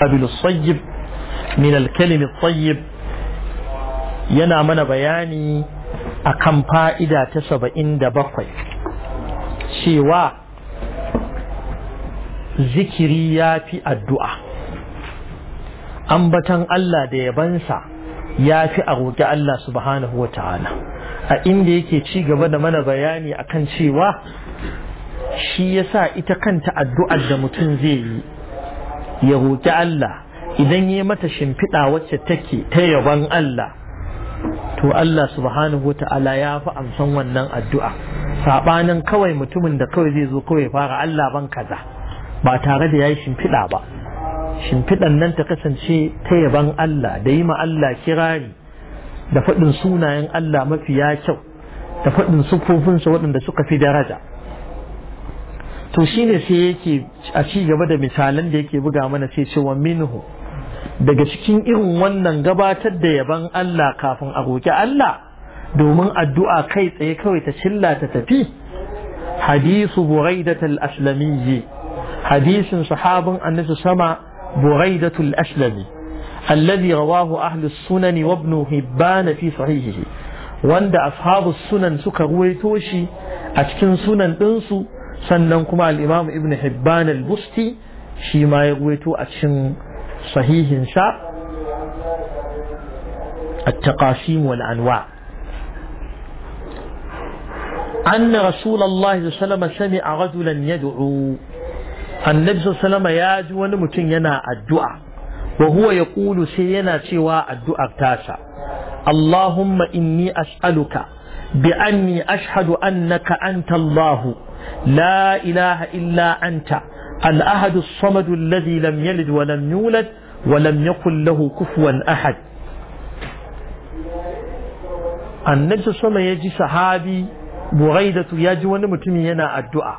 قابل الصيب من الكلم الطيب yana mana bayani akan fa'ida ta saba'in da bakwai cewa zikiri ya fi addu'a ambatan Allah da yabansa ya fi a roƙi Allah subhanahu wa ta'ala a inda yake ci gaba da mana bayani akan cewa shi yasa ita kanta addu'ar da mutum zai yi ya roƙi Allah idan ya mata shimfiɗa wacce take ta yaban Allah to Allah subhanahu wa ta'ala ya fi amsan wannan addu'a saɓanin kawai mutumin da kawai zai zo kawai fara Allah ban kaza ba tare da ya yi shimfiɗa ba shimfiɗan nan ta kasance ta yaban Allah da yi ma Allah kirari da faɗin sunayen Allah mafiya kyau da faɗin siffofinsa waɗanda suka fi daraja to shine sai yake a ci gaba da misalan da yake buga mana sai cewa minhu daga cikin irin wannan gabatar da yaban Allah kafin a roki Allah domin addu'a kai tsaye kawai ta cilla ta tafi hadisu buraidatul aslamiyyi hadisin sahabin annabi sama buraidatul aslami alladhi rawahu ahlus sunani wa ibn fi sahihihi wanda ashabu sunan suka ruwaito shi a cikin sunan ɗinsu sannan kuma al-imam ibn hibban al-busti shi ma ya ruwaito a cikin sahihin sa at-taqasim wal anwa أن رسول الله صلى الله عليه وسلم سمع رجلا يدعو النبي صلى الله عليه وسلم ياج ونمتن ينا الدعاء وهو يقول سينا سوى الدعاء تاسع اللهم إني أسألك بأني أشهد أنك أنت الله لا إله إلا أنت الأحد الصمد الذي لم يلد ولم يولد ولم يقل له كفوا أحد النبي صلى يجي صحابي بغيدة يجي ونمتنينا الدعاء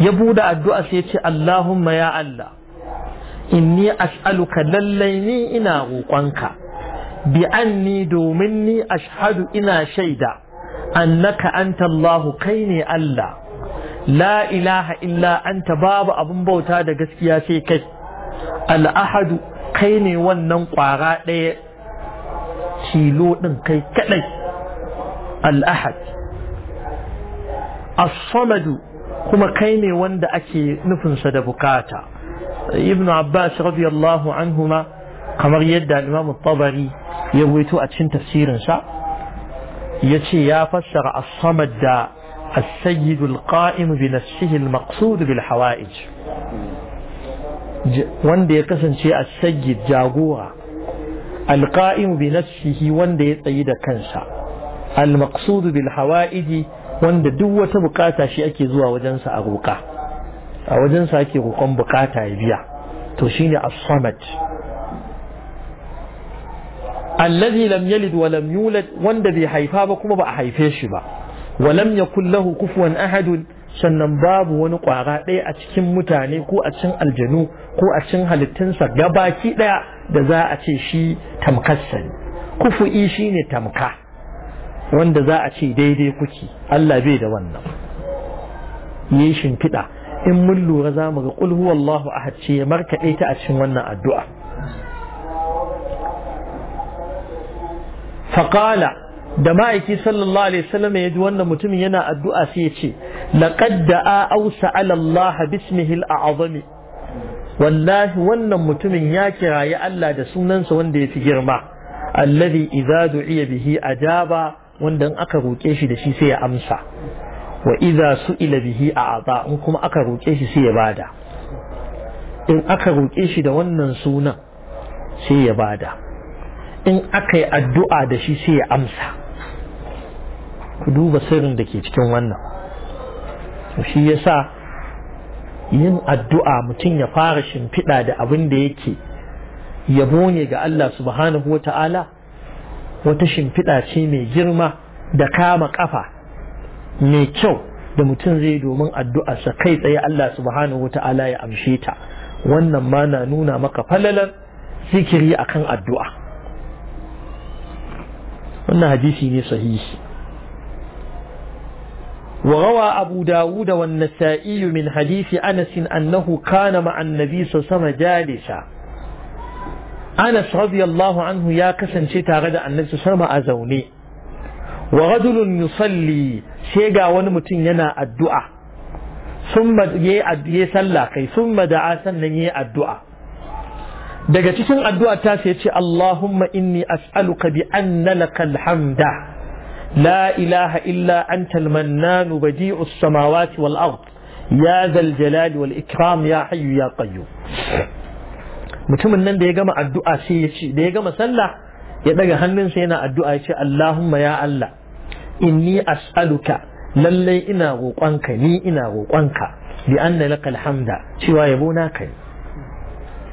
يبود الدعاء سيتي اللهم يا الله إني أسألك لليني إنا غوقنك بأني دو مني أشهد إنا شيدا أنك أنت الله كيني الله la ilaha illa anta babu abun bauta da gaskiya sai kai al'ahadu kai ne wannan ƙwara ɗaya tilo ɗin kai kaɗai al'ahad as-samadu kuma kai ne wanda ake nufinsa da bukata ibn abbas radiyallahu anhuma kamar yadda imam tabari ya wuto a cikin tafsirinsa ya ce ya fassara as-samad da السيد القائم بنفسه المقصود بالحوائج wanda ya kasance a sayyid jagora Alƙa'imu bi nafsihi wanda ya tsayi da kansa al-maqsudu bil hawa'iji wanda duk wata bukata shi ake zuwa wajensa a roƙa a wajensa ake roƙon bukata ya biya to shine as-samad allazi lam yalid wa lam yulad wanda bai haifa ba kuma ba a haife shi ba walam yakul lahu kufuwan ahadun sannan babu wani kwara ɗaya a cikin mutane ko a cikin aljanu ko a cikin halittunsa gabaki ɗaya da za a ce shi tamkarsa ne kufu'i shi ne tamka wanda za a ce daidai kuke Allah bai da wannan yi shimfiɗa in mun lura za mu ga ƙulhu allahu ahad ce ya markaɗe ta a cikin wannan addu'a faqala da ma'aiki sallallahu alaihi wasallam ya ji wannan mutumin yana addu'a sai ya ce laqad da'a awsa sa'ala Allah bismihi al wallahi wannan mutumin ya kirayi Allah da sunansa wanda ya fi girma alladhi idza du'iya bihi ajaba wanda in aka roke shi da shi sai ya amsa wa idza su'ila bihi a'ata in kuma aka roke shi sai ya bada in aka roke shi da wannan sunan sai ya bada in aka yi addu'a da shi sai ya amsa ku duba sirrin da ke cikin wannan shi yasa yin addu'a mutum ya fara shimfiɗa da abin da yake yabo ne ga Allah subhanahu wa ta'ala wata shimfiɗa ce mai girma da kama ƙafa mai kyau da mutum zai domin addu'arsa kai tsaye Allah subhanahu wa ya amshe ta wannan ma na nuna maka falalar zikiri akan addu'a wannan hadisi ne sahihi وروى أبو داود والنسائي من حديث أنس أنه كان مع النبي صلى الله عليه وسلم جالسا أنس رضي الله عنه يا كسن شتا غدا النبي صلى الله عليه وسلم أزوني ورجل يصلي شيغا ونمتن ينا الدعاء ثم يسلى كي ثم دعا سنن الدعاء daga cikin addu'a ta sai ce Allahumma inni as'aluka bi anna lakal hamda لا إله إلا أنت المنان بديع السماوات والأرض يا ذا الجلال والإكرام يا حي يا قيوم mutumin nan da ya gama addu'a sai ya ce da ya gama sallah ya daga hannunsa yana addu'a ya ce Allahumma ya Allah inni as'aluka lallai ina roƙonka ni ina roƙonka bi anna laka alhamda cewa yabo na kai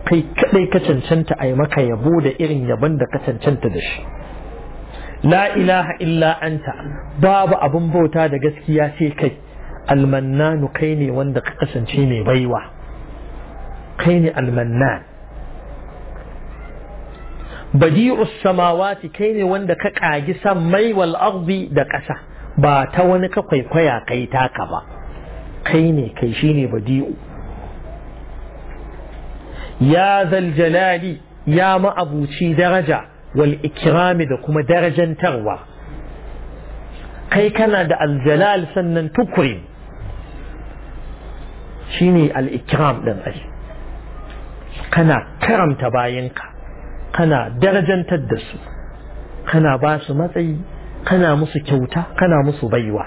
kai kadai ka cancanta ai maka yabo da irin yabon da ka cancanta da shi la ilaha illa anta babu abun bauta da gaskiya sai kai almannanu kai ne wanda ka kasance mai baiwa kai ne almannan badi'us samawati kai ne wanda ka kagi sammai wal ardi da ƙasa ba ta wani ka kwaikwaya kai taka ba kai ne kai shine badi'u ya zal jalali ya ma'abuci daraja wal ikrami da kuma darajantarwa kai kana da aljalal sannan tukurin shine al ikiram ɗin ai kana karamta bayanka kana darajantar da su kana ba su matsayi kana musu kyauta kana musu baiwa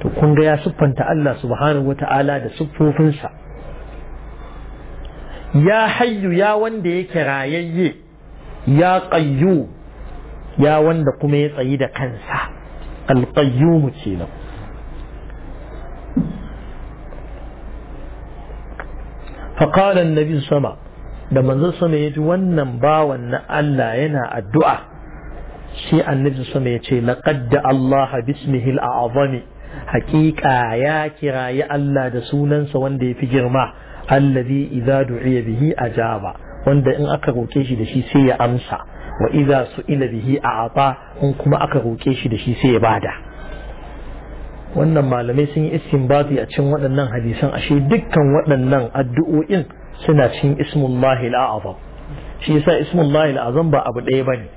to kun ya siffanta Allah subhanahu wata'ala da siffofinsa ya hayyu ya wanda yake rayayye يا قيوم يا وند قمي طيدة كنسا القيوم تشيلو فقال النبي صلى الله عليه وسلم لما نصم يجوانا باوا ان الا ينا الدعاء شيء النبي صلى الله عليه وسلم لقد دعا الله باسمه الاعظم حقيقة يا كرا يا الله دسونا سواندي في جرما الذي اذا دعي به اجاب wanda in aka roƙe shi da shi sai ya amsa wa su ila bihi a'ata in kuma aka roƙe shi da shi sai ya bada wannan malamai sun yi istinbati a cikin waɗannan hadisan ashe dukkan waɗannan addu'o'in suna cikin ismullahi al'azam shi yasa ismullahi al'azam ba abu ɗaya bane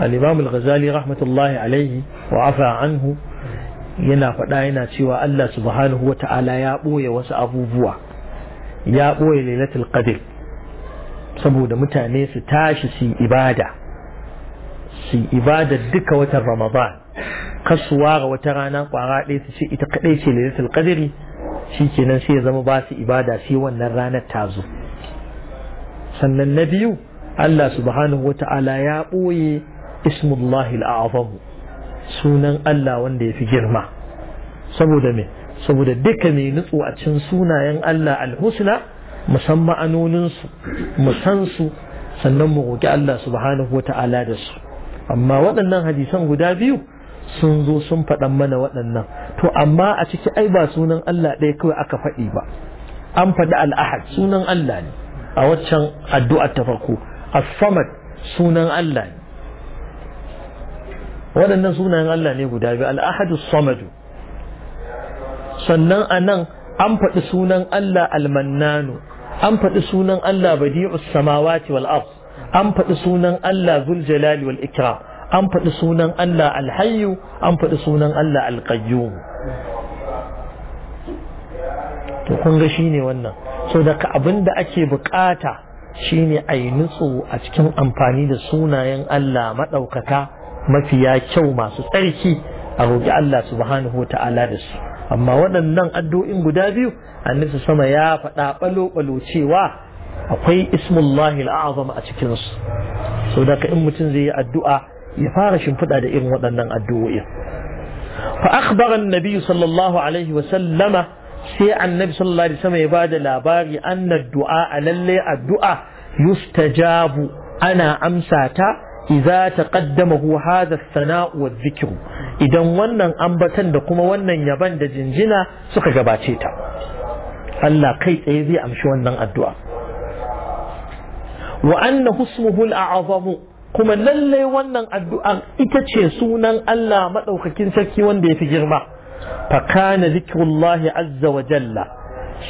al-imam al-ghazali rahmatullahi alaihi wa afa anhu yana faɗa yana cewa Allah subhanahu wa ta'ala ya ɓoye wasu abubuwa ya ɓoye lailatul qadr saboda mutane su tashi su ibada su ibada duka watan ramadan kasuwa ga wata rana kwara ɗaya su ce ita kaɗai ce lailatul qadri kenan sai ya zama ba su ibada sai wannan ranar ta zo sannan na biyu Allah subhanahu ya ɓoye ismullahi al'azamu sunan Allah wanda ya fi girma saboda me saboda duka mai nutsu a cikin sunayen Allah al-husna mu san ma'anoninsu mu san su sannan mu roƙi Allah subhanahu wata'ala da su amma waɗannan hadisan guda biyu sun zo sun faɗan mana waɗannan to amma a ciki ai ba sunan Allah ɗaya kawai aka faɗi ba an faɗi al'ahad sunan Allah ne a waccan addu'a ta farko as-samad sunan Allah ne waɗannan sunayen Allah ne guda biyu al'ahadu samadu sannan a nan an faɗi sunan Allah almannanu an faɗi sunan Allah badi'us samawati wal ard an faɗi sunan Allah zul jalali wal ikram an faɗi sunan Allah alhayyu an faɗi sunan Allah alqayyum to kun ga shine wannan so da abin da ake bukata shine yi nutsu a cikin amfani da sunayen Allah maɗaukaka mafiya kyau masu tsarki a roƙi Allah subhanahu wa ta'ala da su amma waɗannan addu'o'in guda biyu annabi sama ya faɗa balo cewa akwai ismullahi al'azam a cikinsu sau daga in mutum zai yi addu'a ya fara shimfiɗa da irin waɗannan addu'o'in fa akhbaran nabi sallallahu alaihi wa sallama sai annabi sallallahu alaihi wasallam ya bada labari anna du'a lalle addu'a yustajabu ana amsa ta iza ta kaddama hu haza sana'u wa zikiru idan wannan ambatan da kuma wannan yaban da jinjina suka gabace ta Allah kai tsaye zai amshi wannan addu'a wa annahu ismuhu al'azam kuma lallai wannan addu'ar ita ce sunan Allah maɗaukakin sarki wanda yafi girma fa kana zikrullahi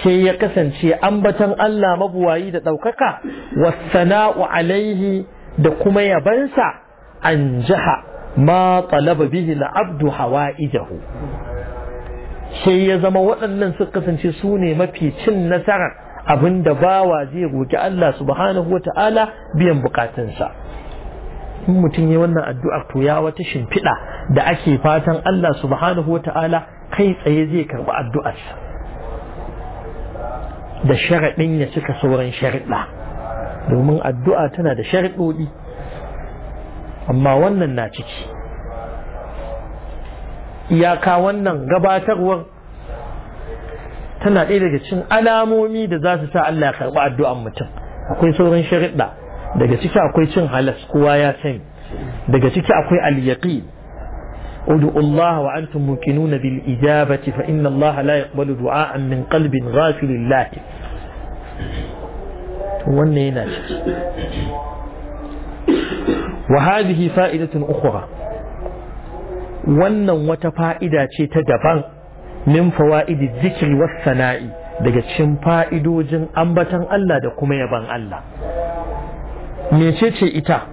sai ya kasance ambatan Allah mabuwayi da ɗaukaka wa sana'u alaihi da kuma yabansa an jiha ma talaba bihi al-abdu hawaijahu sai ya zama waɗannan suka kasance su ne mafi cin nasarar abin da bawa zai roki Allah subhanahu wa ta'ala biyan bukatunsa in mutum ya wannan addu'ar to ya wata shimfiɗa da ake fatan Allah subhanahu wa ta'ala kai tsaye zai karɓi addu'arsa da sharaɗin ya cika sauran sharaɗa domin addu'a tana da sharɗoɗi amma wannan na ciki iyaka wannan gabatarwar tana ɗaya daga cikin alamomi da za su sa Allah ya karɓi addu'an mutum akwai sauran shariɗa daga ciki akwai cin halas kowa ya sani daga ciki akwai al ادعوا الله وانتم موقنون بالاجابه فان الله لا يقبل دعاء من قلب غافل wannan yana ciki wa hadhihi fa'idatun ukhra wannan wata fa'ida ce ta daban min fawaidi zikri was sana'i daga cikin fa'idojin ambatan Allah da kuma yaban Allah mecece ita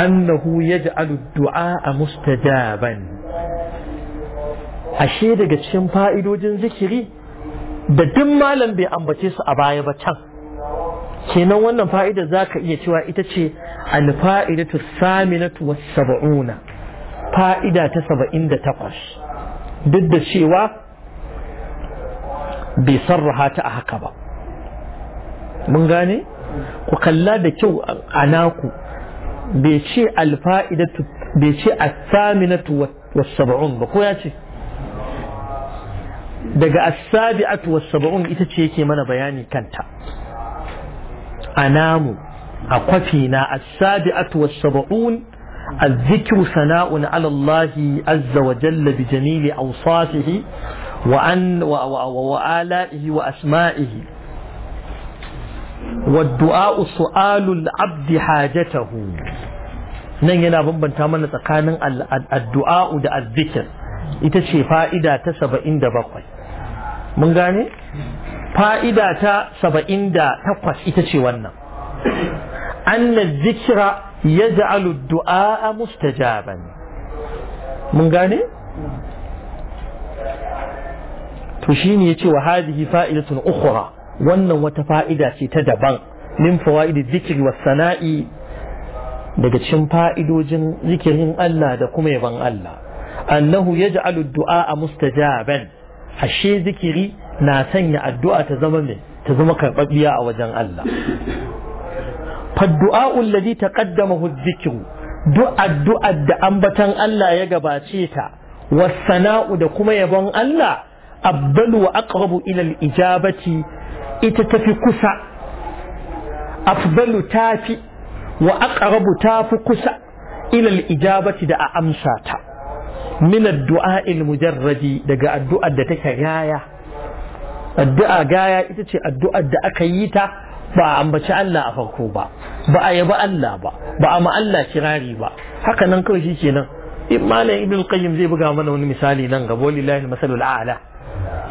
annahu yaj'alu du'a mustajaban ashe daga cikin fa'idojin zikiri da duk malam bai ambace su a baya ba can kenan wannan fa'ida za ka iya cewa ita ce alfa'idatu saminatu was saba'una fa'ida ta saba'in da takwas duk da cewa bai sarraha ta a haka ba mun gane ku kalla da kyau a naku bai ce alfa'idatu bai ce a saminatu was saba'un ba ko ya ce daga as-sabi'atu was saba'un ita ce yake mana bayani kanta namu a kwafi na as-sabi'atu was-sab'un الذكر ثناء على الله عز وجل بجميل أوصافه وأن وآلائه وأسمائه والدعاء سؤال العبد حاجته nan yana bambanta mana tsakanin addu'a'u da Azikir ita ce fa'ida ta saba'in da bakwai mun gane fa'ida ta saba'in da takwas ita ce wannan anna zikira ya ja'alu du'a mustajaban mun gane to shine yace wa fa'ida fa'idatun ukura wannan wata fa'ida ce ta daban min fawaidi zikiri was sana'i daga cikin fa'idojin zikirin Allah da kuma yaban Allah annahu yaj'alu du'a mustajaban ashe zikiri na sanya addu'a ta zama mai ta zama karɓaɓɓiya a wajen Allah faddu'a'ul ladhi ta ƙaddama dhikru duk addu'ar da ambatan Allah ya gabace ta wasana'u da kuma yabon Allah abbalu wa aqrabu ila ijabati ita tafi kusa afdalu tafi wa aqrabu tafi kusa ilal ijabati da a amsa ta min du'a'in dua mujarradi daga addu'ar da take gaya addu'a gaya ita ce addu'ar da aka yi ta ba a ambaci Allah a farko ba ba a yaba Allah ba ba a ma Allah kirari ba haka nan kawai shi kenan malam ibn qayyim zai buga mana wani misali nan ga wallahi masalul a'la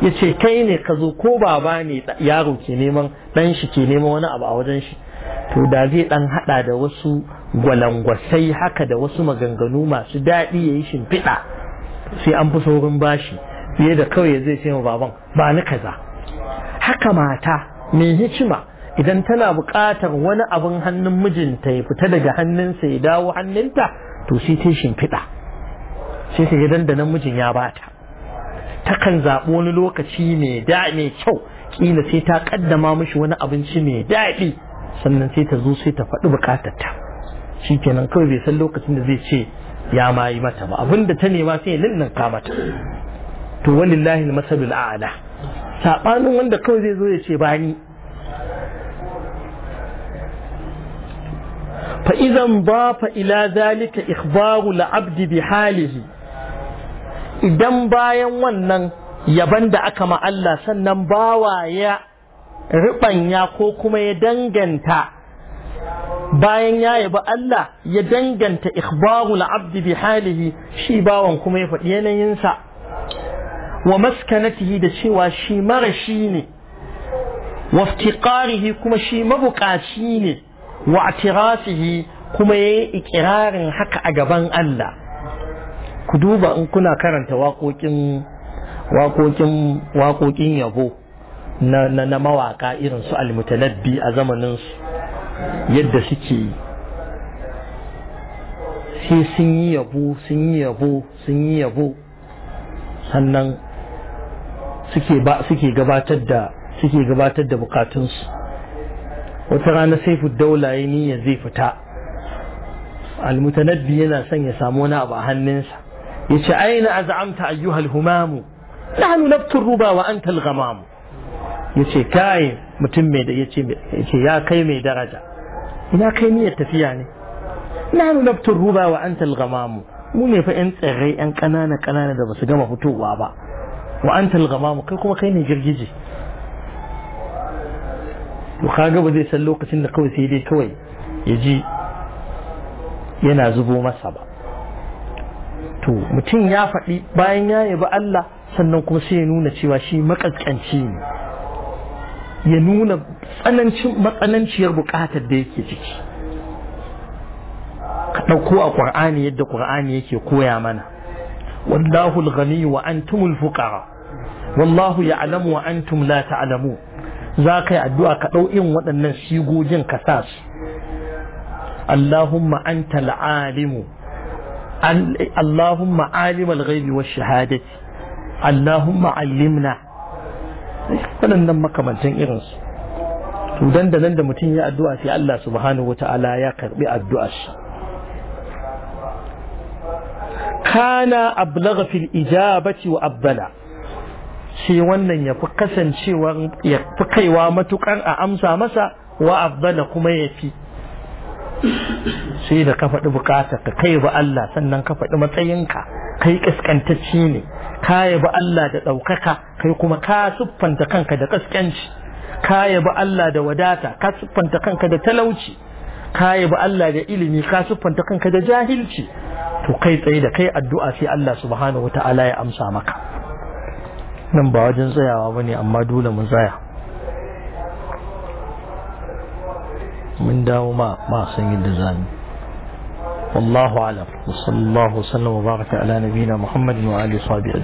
yace kai ne ka zo ko baba ne yaro ke neman dan shi ke neman wani abu a wajen shi to da zai dan hada da wasu gwalangwasai haka da wasu maganganu masu daɗi yayi shimfiɗa sai an fi saurin bashi fiye da kawai zai ce ma baban ba ni kaza haka mata mai hikima idan tana buƙatar wani abin hannun mijinta ya fita daga hannunsa ya dawo hannunta to sai ta shimfiɗa sai ta gidan da nan mijin ya bata takan zaɓi wani lokaci mai da mai kyau ƙila sai ta ƙaddama mashi wani abinci mai daɗi sannan sai ta zo sai ta faɗi buƙatarta nan kawai bai san lokacin da zai ce ya ma yi mata ba abinda ta nema sai ya lullunka mata to walillahi masalul a'la saɓanin wanda kawai zai zo ya ce bani izan ba ila zalika ikhbaru la'abdi bi halihi idan bayan wannan yaban da aka Allah sannan bawa ya riɓanya ko kuma ya danganta bayan ya yabi Allah ya danganta ikhbaru abdi bi halihi shi bawan kuma ya faɗi yanayinsa wa maskanatihi da cewa shi mara shi ne wa iftiqarihi kuma shi mabukaci ne wa atirasihi kuma ya yi ikirarin haka a gaban Allah ku duba in kuna karanta waƙoƙin yabo na mawaƙa irin su almutalabbi a zamanin su yadda suke yi sai sun yi yabo sun yi yabo sun yi yabo sannan suke ba suke gabatar da suke gabatar da bukatun su wata rana saifu daula yayin ya zai fita almutanabbi yana son ya samu wani abu a hannunsa ya ce aina az'amta ayyuhal humamu nahnu nabtur ruba wa anta alghamam yace kai mutum mai da yace yace ya kai mai daraja ina kai niyyar tafiya ne nahnu nabtur ruba wa anta alghamam mu ne fa yan tsirrai yan kanana kanana da basu gama fitowa ba wa anta al-ghamam kai kuma kai ne girgije to kaga ba zai san lokacin da kawai sai dai kawai ya ji yana zubo masa ba to mutum ya faɗi bayan ya yabi Allah sannan kuma sai ya nuna cewa shi makaskanci ne ya nuna matsananciyar bukatar da yake ciki ka ɗauko a ƙur'ani yadda ƙur'ani yake koya mana wallahu al-ghani wa antumul fuqara wallahu wa antum la za ka yi addu'a ka ɗau in waɗannan sigogin ka sa su Allahumma anta al-alimu Allahumma alim al wa shahadati Allahumma allimna waɗannan makamantan irinsu to dan da nan da mutum ya addu'a sai Allah subhanahu wa ya karbi kana ablagha fil ijabati wa abbala sai wannan ya fi kasancewa ya fi kaiwa matukan a amsa masa wa abbala kuma ya fi sai da ka faɗi bukata ka kai ba Allah sannan ka faɗi matsayinka kai kaskantacce ne ka yabi Allah da ɗaukaka kai kuma ka siffanta kanka da kaskanci ka yabi Allah da wadata ka siffanta kanka da talauci ka yabi Allah da ilimi ka siffanta kanka da jahilci to kai tsaye da kai addu'a sai Allah subhanahu wa ta'ala ya amsa maka nan ba wajen tsayawa ba ne amma dole mu tsaya mun dawo ma ma san yadda zamu wallahu alam wa sallallahu wa baraka ala nabiyina muhammadin wa alihi